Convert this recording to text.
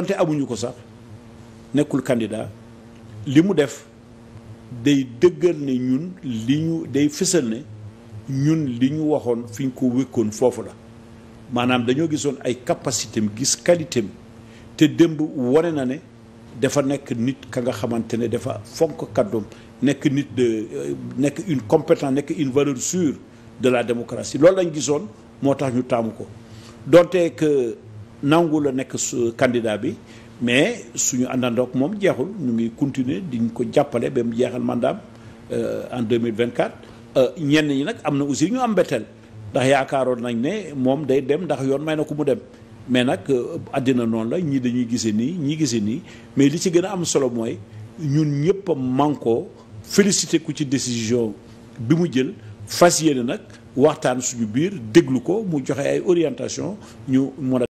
donte amuñu ko sax nekkul candidat li mu def day dëggal ne ñun li ñu day fësal ne ñun li ñu waxoon fi ñu ko wékkoon foofu la maanaam dañoo gisoon ay capacité am gis qualité am te démb wane na ne dafa nekk nit ka nga xamante ne dafa fonk kàddoom nekk nit de euh, nekk une compétence nekk une valeur sûre de la démocratie loolu lañ gisoon moo tax ñu taamu ko donte que nangu la nekk su candidat bi mais suñu àndandoog moom jeexul ñu ngi continuer di diñ ko jàppale ba mu jeexal mandaam euh, en vingt 2024 euh, ñenn ñi nag am na aussi ñu am mbetteel ndax yaakaaroon nañ ne moom day dem ndax yoon may na ko mu dem mais nag euh, àddina noonu la ñii dañuy gisee nii ñii gisee nii mais li ci gën a am solo mooy ñun ñëpp a mànkoo félicité ku ci décision bi mu jël fas yéene nag waxtaan suñu biir déglu ko mu joxe ay orientation ñu mën